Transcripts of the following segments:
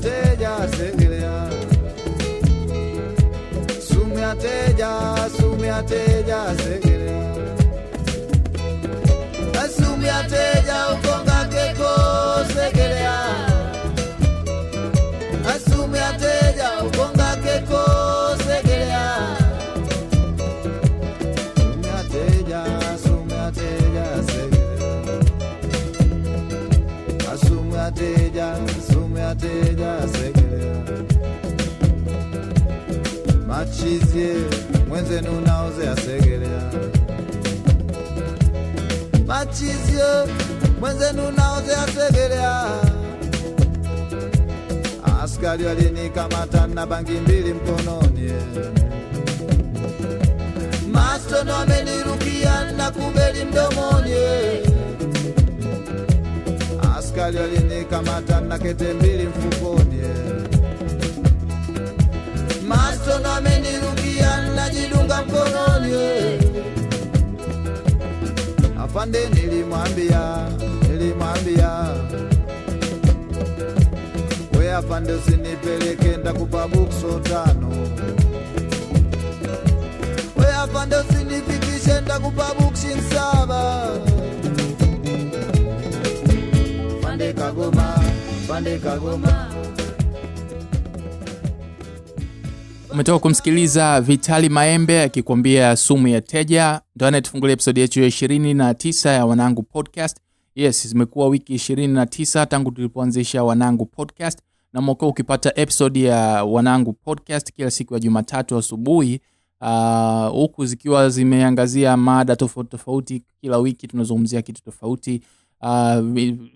day. mushizie mwenzenu naoze asegelea machizie mwenzenu naoze asegelea askari walinikamata na bangi mbili mkononi mastono amenirukia na kubeli mdomoni askari walinikamata na kete mbili mfukoni Eh. afande nilimwambia nilimwambia we afande usinipeleke ndakupa bukso tano we afande usinifikishe ndakupa bukshi nsaba afande kagoma afande kagoma Umetoka kumsikiliza Vitali Maembe akikwambia sumu ya teja. Ndo anayetufungulia episodi yetu ya ishirini na tisa ya Wanangu Podcast. Yes, zimekuwa wiki ishirini na tisa tangu tulipoanzisha Wanangu Podcast, na mwakao ukipata episodi ya Wanangu Podcast kila siku ya Jumatatu asubuhi uh, huku uh, zikiwa zimeangazia mada tofauti tofauti. Kila wiki tunazungumzia kitu tofauti. Uh,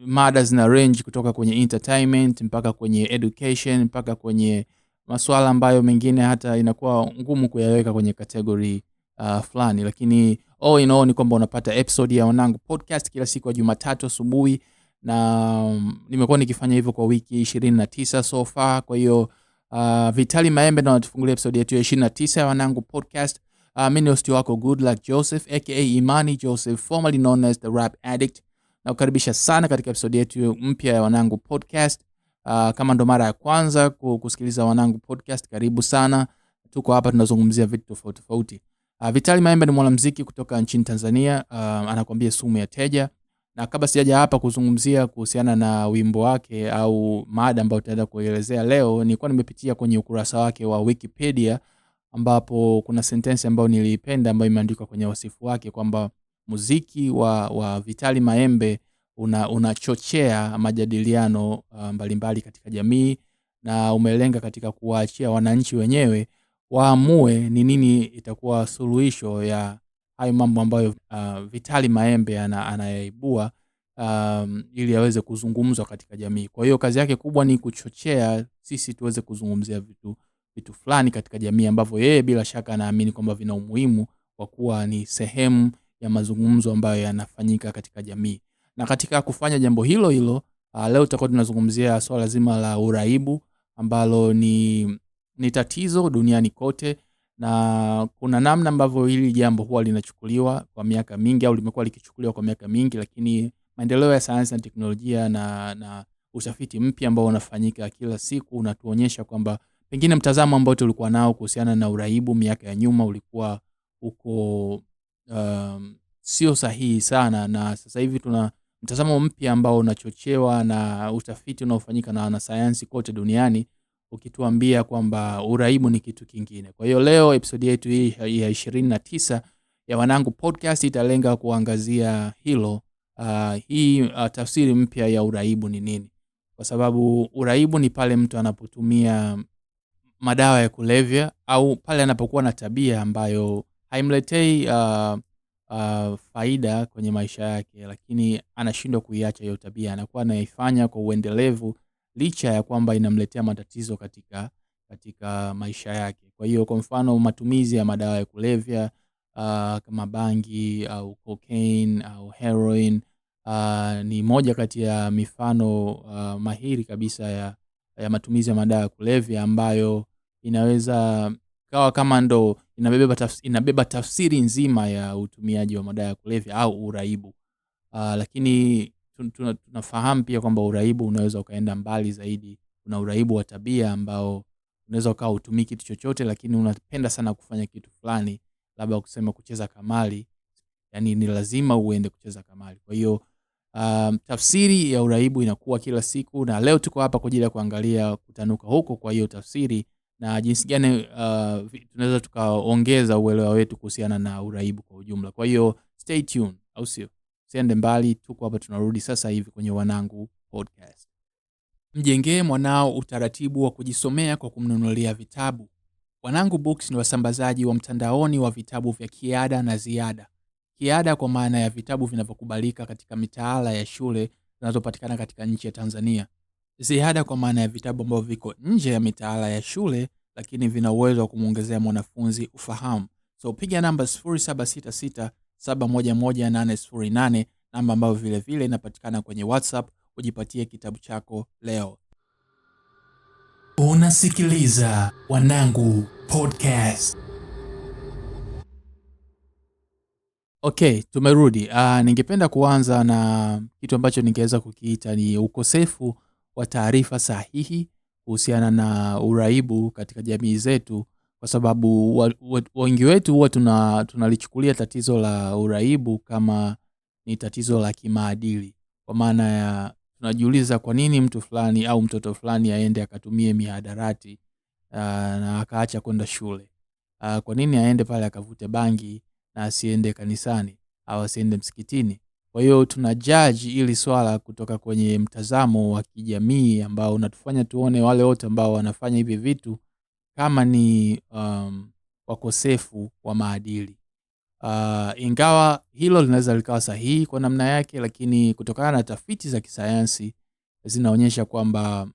mada zina range kutoka kwenye entertainment mpaka kwenye education mpaka kwenye masuala ambayo mengine hata inakuwa ngumu kuyaweka kwenye kategori uh, fulani, lakini all in all ni kwamba unapata episode ya Wanangu Podcast kila siku ya Jumatatu asubuhi na um, nimekuwa nikifanya hivyo kwa wiki ishirini na tisa so far. Kwa hiyo uh, Vitali Maembe na natufungulia episode yetu ya ishirini na tisa ya Wanangu Podcast. Uh, mi ni hosti wako Good Luck Joseph aka Imani Joseph formerly known as the Rap Addict, na kukaribisha sana katika episode yetu mpya ya Wanangu Podcast. Uh, kama ndo mara ya kwanza kusikiliza Wanangu Podcast, karibu sana. Tuko hapa tunazungumzia vitu tofauti tofauti. Uh, Vitali Maembe ni mwanamuziki kutoka nchini Tanzania. Uh, anakuambia sumu ya teja, na kabla sijaja hapa kuzungumzia kuhusiana na wimbo wake au mada ambayo tutaenda kuelezea leo, nilikuwa nimepitia kwenye ukurasa wake wa Wikipedia ambapo kuna sentensi ambayo niliipenda ambayo imeandikwa kwenye wasifu wake kwamba muziki wa, wa Vitali Maembe unachochea una majadiliano uh, mbalimbali mbali katika jamii na umelenga katika kuwaachia wananchi wenyewe waamue ni nini itakuwa suluhisho ya hayo mambo ambayo uh, Vitali Maembe anayaibua um, ili aweze kuzungumzwa katika jamii. Kwa hiyo kazi yake kubwa ni kuchochea sisi tuweze kuzungumzia vitu, vitu fulani katika jamii ambavyo yeye bila shaka anaamini kwamba vina umuhimu kwa kuwa ni sehemu ya mazungumzo ambayo yanafanyika katika jamii na katika kufanya jambo hilo hilo uh, leo tutakuwa tunazungumzia swala zima la uraibu ambalo ni, ni tatizo duniani kote na kuna namna ambavyo hili jambo huwa linachukuliwa kwa miaka mingi au limekuwa likichukuliwa kwa miaka mingi, lakini maendeleo ya sayansi na teknolojia na, na utafiti mpya ambao unafanyika kila siku unatuonyesha kwamba pengine mtazamo ambao tulikuwa nao kuhusiana na uraibu miaka ya nyuma ulikuwa uko um, sio sahihi sana, na sasa hivi tuna mtazamo mpya ambao unachochewa na utafiti unaofanyika na wanasayansi kote duniani ukituambia kwamba uraibu ni kitu kingine. Kwa hiyo leo episodi yetu hii ya ishirini na tisa ya Wanangu Podcast italenga kuangazia hilo. Uh, hii uh, tafsiri mpya ya uraibu ni nini? Kwa sababu uraibu ni pale mtu anapotumia madawa ya kulevya au pale anapokuwa na tabia ambayo haimletei uh, uh, faida kwenye maisha yake, lakini anashindwa kuiacha hiyo tabia, anakuwa anaifanya kwa uendelevu licha ya kwamba inamletea matatizo katika katika maisha yake. Kwa hiyo kwa mfano matumizi ya madawa ya kulevya uh, kama bangi au cocaine au heroin uh, ni moja kati ya mifano uh, mahiri kabisa ya, ya matumizi ya madawa ya kulevya ambayo inaweza ikawa kama ndo inabeba, tafs, inabeba tafsiri nzima ya utumiaji wa madawa ya kulevya au uraibu. Uh, lakini tunafahamu pia kwamba uraibu unaweza ukaenda mbali zaidi. Kuna uraibu wa tabia ambao unaweza ukawa utumii kitu chochote, lakini unapenda sana kufanya kitu fulani, labda kusema kucheza kamali yani ni lazima uende kucheza kamali Kwa hiyo um, tafsiri ya uraibu inakuwa kila siku, na leo tuko hapa kwa ajili ya kuangalia kutanuka huko. Kwa hiyo tafsiri na jinsi gani uh, tunaweza tukaongeza uelewa wetu kuhusiana na uraibu kwa ujumla. Kwa hiyo stay tuned, au sio? siende mbali, tuko hapa, tunarudi sasa hivi kwenye Wanangu Podcast. Mjengee mwanao utaratibu wa kujisomea kwa kumnunulia vitabu. Wanangu Books ni wasambazaji wa mtandaoni wa vitabu vya kiada na ziada. Kiada kwa maana ya vitabu vinavyokubalika katika mitaala ya shule zinazopatikana katika nchi ya Tanzania. Ziada kwa maana ya vitabu ambavyo viko nje ya mitaala ya shule lakini vina uwezo wa kumwongezea mwanafunzi ufahamu. So piga namba 0766711808 namba ambayo vile vile inapatikana kwenye WhatsApp ujipatie kitabu chako leo. Unasikiliza Wanangu Podcast. Okay, tumerudi. Uh, ningependa kuanza na kitu ambacho ningeweza kukiita ni ukosefu wa taarifa sahihi kuhusiana na uraibu katika jamii zetu, kwa sababu wengi wetu huwa tuna, tunalichukulia tatizo la uraibu kama ni tatizo la kimaadili, kwa maana ya tunajiuliza kwa nini mtu fulani au mtoto fulani aende akatumie mihadarati uh, na akaacha kwenda shule uh, kwa nini aende pale akavute bangi na asiende kanisani au asiende msikitini? Kwa hiyo tuna judge ili swala kutoka kwenye mtazamo wa kijamii ambao unatufanya tuone wale wote ambao wanafanya hivi vitu kama ni um, wakosefu wa maadili. Uh, ingawa hilo linaweza likawa sahihi kwa namna yake, lakini kutokana na tafiti za kisayansi zinaonyesha kwamba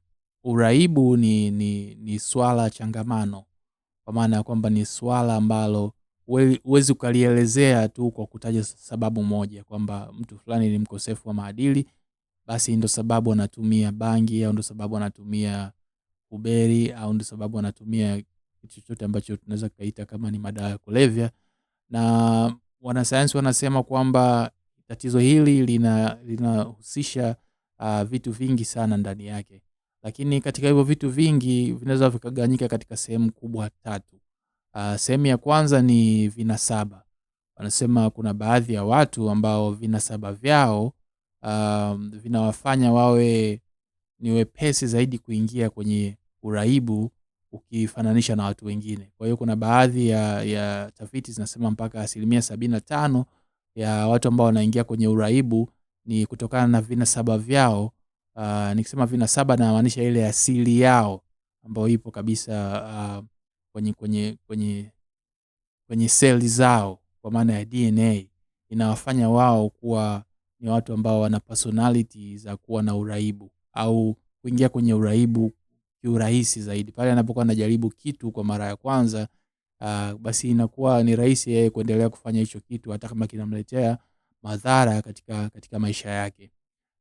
uraibu ni, ni, ni swala changamano, kwa maana ya kwamba ni swala ambalo huwezi ukalielezea tu kwa kutaja sababu moja kwamba mtu fulani ni mkosefu wa maadili, basi ndo sababu anatumia bangi au ndo sababu anatumia uberi au ndo sababu anatumia kitu chochote ambacho tunaweza tukaita kama ni madawa ya kulevya. Na wanasayansi wanasema kwamba tatizo hili linahusisha lina uh, vitu vingi sana ndani yake, lakini katika hivyo vitu vingi vinaweza vikagawanyika katika sehemu kubwa tatu. Uh, sehemu ya kwanza ni vinasaba. Wanasema kuna baadhi ya watu ambao vinasaba vyao uh, vinawafanya wawe ni wepesi zaidi kuingia kwenye uraibu ukifananisha na watu wengine. Kwa hiyo kuna baadhi ya, ya tafiti zinasema mpaka asilimia sabini na tano ya watu ambao wanaingia kwenye uraibu ni kutokana na vinasaba vyao. Uh, nikisema vinasaba namaanisha ile asili yao ambayo ipo kabisa uh, kwenye, kwenye, kwenye, kwenye seli zao kwa maana ya DNA inawafanya wao kuwa ni watu ambao wana personality za kuwa na uraibu au kuingia kwenye uraibu kiurahisi zaidi. Pale anapokuwa anajaribu kitu kwa mara ya kwanza, uh, basi inakuwa ni rahisi yeye kuendelea kufanya hicho kitu hata kama kinamletea madhara katika, katika maisha yake.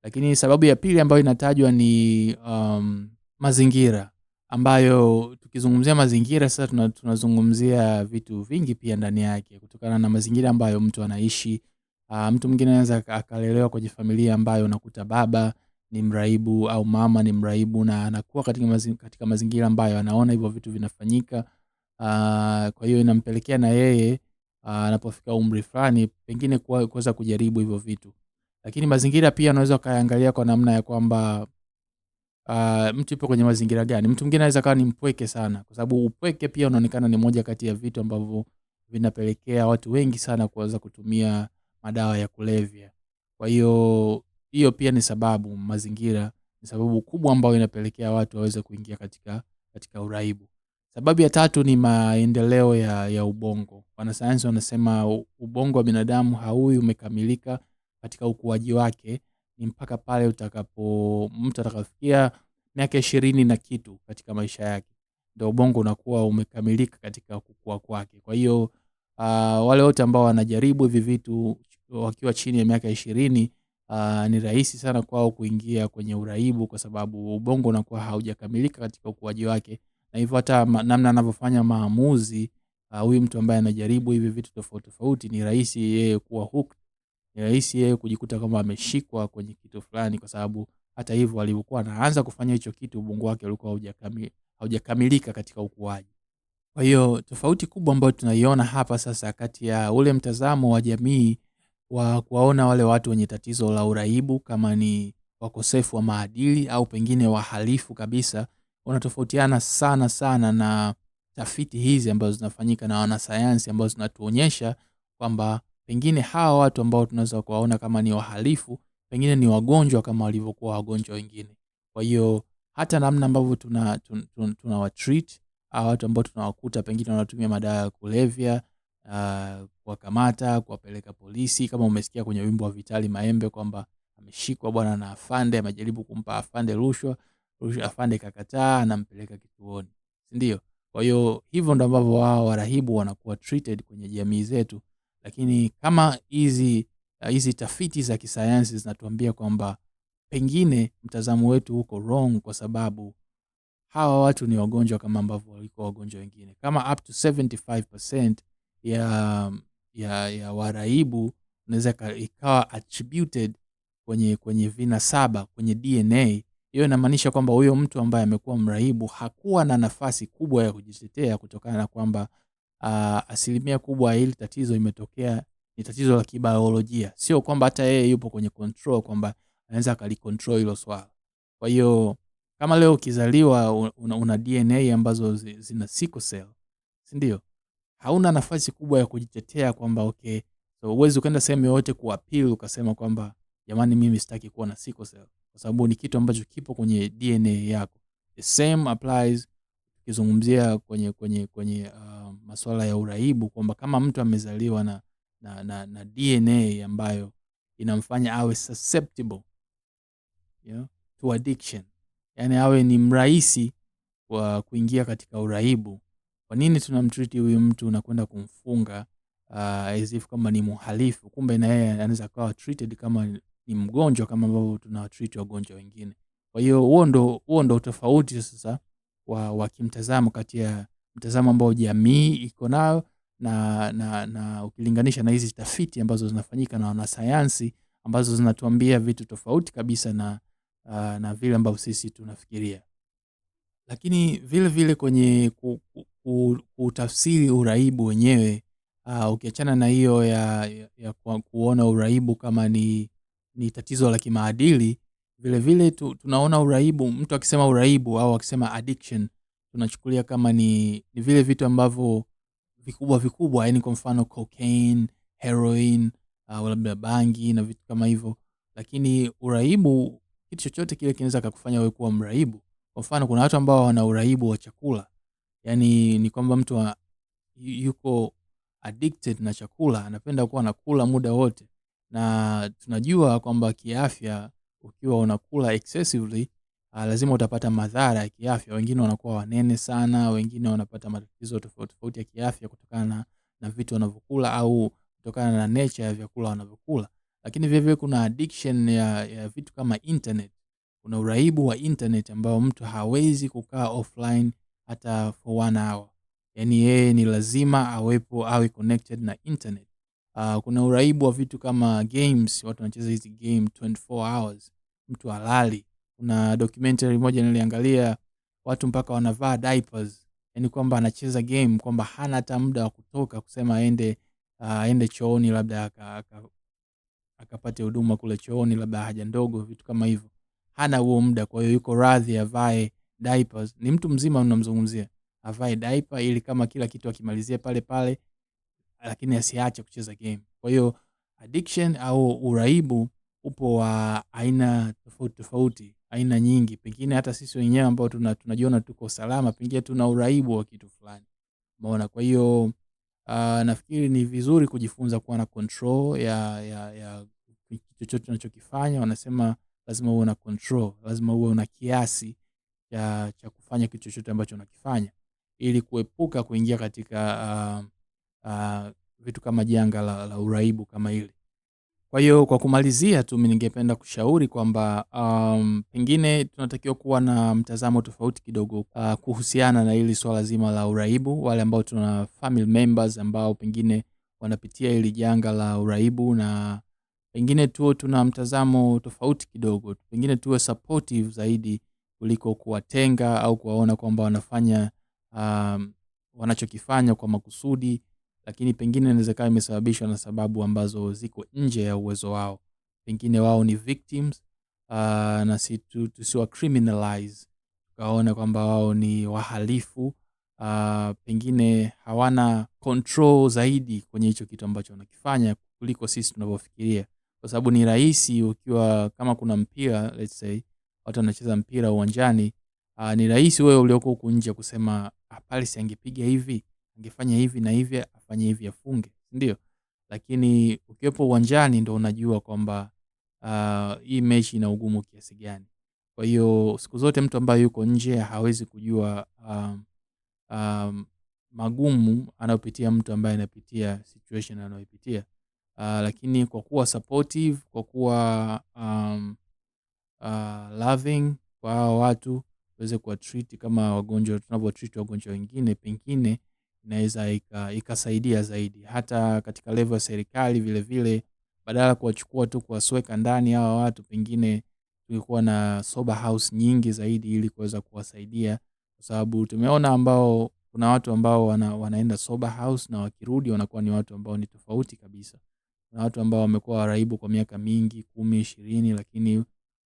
Lakini sababu ya pili ambayo inatajwa ni um, mazingira ambayo tukizungumzia mazingira sasa tuna, tunazungumzia vitu vingi pia ndani yake kutokana na mazingira ambayo mtu anaishi. Uh, mtu mwingine anaweza akalelewa kwenye familia ambayo unakuta baba ni mraibu au mama ni mraibu na anakuwa katika, mazi, katika mazingira ambayo anaona hivyo vitu vinafanyika. Uh, kwa hiyo inampelekea na yeye uh, anapofika umri fulani pengine kuweza kujaribu hivyo vitu, lakini mazingira pia anaweza ukayaangalia kwa namna ya kwamba uh, mtu yupo kwenye mazingira gani. Mtu mwingine anaweza kawa ni mpweke sana, kwa sababu upweke pia unaonekana ni moja kati ya vitu ambavyo vinapelekea watu wengi sana kuweza kutumia madawa ya kulevya. Kwa hiyo hiyo pia ni sababu, mazingira ni sababu kubwa ambayo inapelekea watu waweze kuingia katika, katika uraibu. Sababu ya tatu ni maendeleo ya, ya ubongo. Wanasayansi wanasema ubongo wa binadamu haui umekamilika katika ukuaji wake ni mpaka pale utakapo mtu atakafikia miaka ishirini na kitu katika maisha yake, ndo ubongo unakuwa umekamilika katika kukua kwake. Kwa hiyo uh, wale wote ambao wanajaribu hivi vitu wakiwa chini ya miaka ishirini uh, ni rahisi sana kwao kuingia kwenye uraibu, kwa sababu ubongo unakuwa haujakamilika katika ukuaji wake, na hivyo hata namna anavyofanya maamuzi ah, huyu uh, mtu ambaye anajaribu hivi vitu tofauti tofauti, ni rahisi yeye kuwa ni rahisi yeye kujikuta kama ameshikwa kwenye kitu fulani, kwa sababu hata hivyo alivyokuwa anaanza kufanya hicho kitu ubongo wake ulikuwa haujakamilika katika ukuaji. Kwa hiyo tofauti kubwa ambayo tunaiona hapa sasa kati ya ule mtazamo wa jamii wa kuwaona wale watu wenye tatizo la uraibu kama ni wakosefu wa maadili au pengine wahalifu kabisa, unatofautiana sana sana na tafiti hizi ambazo zinafanyika na wanasayansi ambazo zinatuonyesha kwamba pengine hawa watu ambao tunaweza kuwaona kama ni wahalifu, pengine ni wagonjwa kama walivyokuwa wagonjwa wengine. Kwa hiyo hata namna ambavyo tuna, tun, tun, tunawatreat hawa watu ambao tunawakuta pengine wanatumia madawa ya kulevya uh, kuwakamata kuwapeleka polisi, kama umesikia kwenye wimbo wa Vitali Maembe kwamba ameshikwa bwana na afande, amejaribu kumpa afande rushwa, rushwa afande kakataa, anampeleka kituoni, si ndio? Kwa hiyo hivyo ndo ambavyo wao warahibu wanakuwa treated kwenye jamii zetu. Lakini kama hizi eh, hizi tafiti za kisayansi zinatuambia kwamba pengine mtazamo wetu huko wrong, kwa sababu hawa watu ni wagonjwa kama ambavyo walikuwa wagonjwa wengine. Kama up to 75% ya, ya, ya waraibu unaweza ikawa attributed kwenye kwenye saba kwenye DNA. Hiyo inamaanisha kwamba huyo mtu ambaye amekuwa mraibu hakuwa na nafasi kubwa ya kujitetea kutokana na kwamba uh, asilimia kubwa hili tatizo imetokea ni tatizo la kibiolojia, sio kwamba hata yeye yupo kwenye control kwamba anaweza akalicontrol hilo swala. Kwa hiyo kama leo ukizaliwa una, una DNA ambazo zina sickle cell, si ndio? Hauna nafasi kubwa ya kujitetea kwamba okay, so uwezi ukaenda sehemu yoyote kuapili ukasema kwamba jamani, mimi sitaki kuwa na sickle cell, kwa sababu ni kitu ambacho kipo kwenye DNA yako. The same applies ukizungumzia kwenye kwenye kwenye uh, masuala ya uraibu, kwamba kama mtu amezaliwa na, na, na, na DNA ambayo inamfanya awe susceptible you know, to addiction, yani awe ni mrahisi wa kuingia katika uraibu. Kwa nini tunamtriti huyu mtu na kwenda kumfunga uh, as if kama ni muhalifu, kumbe na yeye anaweza kuwa treated kama ni mgonjwa kama ambavyo tunawatreat wagonjwa wengine. Kwa hiyo huo ndo huo ndo tofauti sasa wa, wa kimtazamo kati ya mtazamo ambao jamii iko nayo na, na, na ukilinganisha na hizi tafiti ambazo zinafanyika na wanasayansi ambazo zinatuambia vitu tofauti kabisa na, uh, na vile ambavyo sisi tunafikiria. Lakini vile vile kwenye kutafsiri uraibu wenyewe uh, ukiachana na hiyo ya, ya, ya kuona uraibu kama ni, ni tatizo la kimaadili, vilevile tu, tunaona uraibu, mtu akisema uraibu au akisema addiction tunachukulia kama ni, ni vile vitu ambavyo vikubwa vikubwa, yani kwa mfano cocaine, heroin, uh, labda bangi na vitu kama hivyo. Lakini uraibu, kitu chochote kile kinaweza kakufanya wewe kuwa mraibu. Kwa mfano kuna watu ambao wana uraibu wa chakula, yani ni kwamba mtu wa, yuko addicted na chakula, anapenda kuwa anakula muda wote, na tunajua kwamba kiafya ukiwa unakula excessively uh, lazima utapata madhara ya kiafya. Wengine wanakuwa wanene sana, wengine wanapata matatizo tofauti tofauti ya kiafya kutokana na vitu wanavyokula au kutokana na nature ya vyakula wanavyokula. Lakini vile kuna addiction ya, ya vitu kama internet. Kuna uraibu wa internet ambao mtu hawezi kukaa offline hata for one hour, Yani yeye ni lazima awepo awe connected na internet. Uh, kuna uraibu wa vitu kama games, watu wanacheza hizi game 24 hours, mtu halali kuna documentary moja niliangalia watu mpaka wanavaa diapers, yani kwamba anacheza game kwamba hana hata muda wa kutoka kusema aende ah, aende uh, chooni labda akapate huduma kule chooni, labda haja ndogo, vitu kama hivyo. Hana huo muda, kwa hiyo yuko radhi avae diapers. Ni mtu mzima unamzungumzia, avae diaper ili kama kila kitu akimalizia pale pale, lakini asiache kucheza game. Kwa hiyo addiction au uraibu upo wa aina tofauti tofauti, aina nyingi. Pengine hata sisi wenyewe ambao tuna, tunajiona tuko salama, pengine tuna uraibu wa kitu fulani, umeona. Kwa hiyo uh, nafikiri ni vizuri kujifunza kuwa na control ya ya, ya chochote tunachokifanya. Wanasema lazima uwe na control, lazima uwe una kiasi cha, cha kufanya kitu chochote ambacho unakifanya ili kuepuka kuingia katika uh, uh, vitu kama janga la, la uraibu kama ile kwa hiyo kwa kumalizia tu mi ningependa kushauri kwamba um, pengine tunatakiwa kuwa na mtazamo tofauti kidogo uh, kuhusiana na hili swala zima la uraibu. Wale ambao tuna family members ambao pengine wanapitia hili janga la uraibu, na pengine tuo tuna mtazamo tofauti kidogo, pengine tuwe supportive zaidi kuliko kuwatenga au kuwaona kwamba wanafanya um, wanachokifanya kwa makusudi lakini pengine inaweza kawa imesababishwa na sababu ambazo ziko nje ya uwezo wao. Pengine wao ni victims uh, na si tusiwa criminalize tukaona kwamba wao ni wahalifu uh, pengine hawana control zaidi kwenye hicho kitu ambacho wanakifanya kuliko sisi tunavyofikiria, kwa sababu ni rahisi ukiwa kama kuna mpira let's say watu wanacheza mpira uwanjani uh, ni rahisi wewe ulioko huku nje kusema hapali, siangepiga angepiga hivi angefanya hivi na hivi, afanye hivi, afunge, ndio? Lakini ukiwepo uwanjani ndo unajua kwamba uh, hii mechi ina ugumu kiasi gani. Kwa hiyo siku zote mtu ambaye yuko nje hawezi kujua uh, uh, magumu anayopitia mtu ambaye anapitia situation anayopitia. Uh, lakini kwa kuwa supportive, kwa kuwa um, uh, loving kwa hao watu, tuweze kuwa treat kama wagonjwa tunavyotreat wagonjwa wengine, pengine inaweza ikasaidia zaidi, hata katika level ya serikali vile vile, badala kuwachukua tu kuwasweka ndani hawa watu, pengine tulikuwa na sober house nyingi zaidi ili kuweza kuwasaidia, kwa sababu tumeona ambao kuna watu ambao wana, wanaenda sober house na wakirudi wanakuwa ni watu ambao ni tofauti kabisa. Kuna watu ambao wamekuwa waraibu kwa miaka mingi kumi ishirini, lakini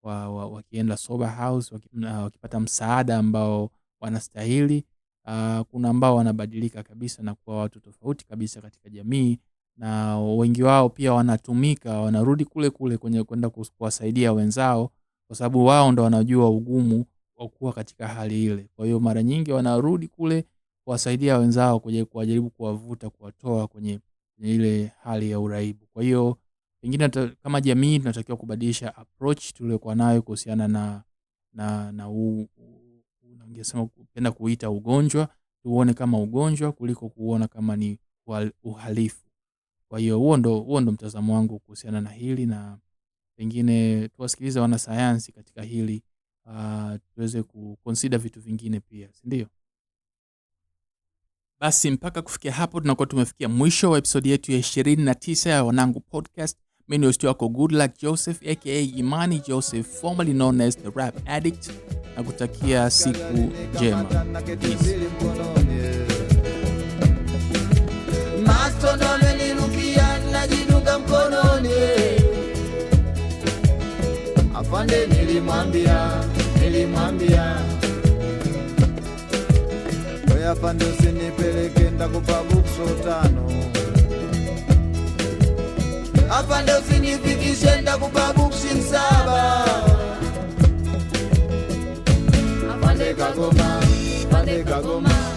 wa, wa, wakienda sober house wakipata msaada ambao wanastahili Uh, kuna ambao wanabadilika kabisa na kuwa watu tofauti kabisa katika jamii, na wengi wao pia wanatumika, wanarudi kule kule kwenye kwenda kuwasaidia wenzao, kwa sababu wao ndo wanajua ugumu wa kuwa katika hali ile. Kwa hiyo mara nyingi wanarudi kule kuwasaidia wenzao, kuwajaribu kuwavuta, kuwatoa kwenye ile hali ya uraibu. Kwa hiyo pengine kama jamii tunatakiwa kubadilisha approach tuliyokuwa nayo kuhusiana na na na ningesema penda kuita ugonjwa, tuone kama ugonjwa kuliko kuona kama ni uhalifu. Kwa hiyo huo ndo, huo ndo mtazamo wangu kuhusiana na hili, na pengine tuwasikilize wanasayansi katika hili uh, tuweze kukonsida vitu vingine pia, si ndio? Basi mpaka kufikia hapo tunakuwa tumefikia mwisho wa episodi yetu ya ishirini na tisa ya Wanangu Podcast wako Good Luck Joseph aka Imani Joseph formerly known as the Rap Addict na kutakia siku njema. Afande nilimwambia, nilimwambia afande usinipeleke ndakupa bukso tano mafanda usinyifikishe ndakubabukshinsaba Fande kagoma, fande kagoma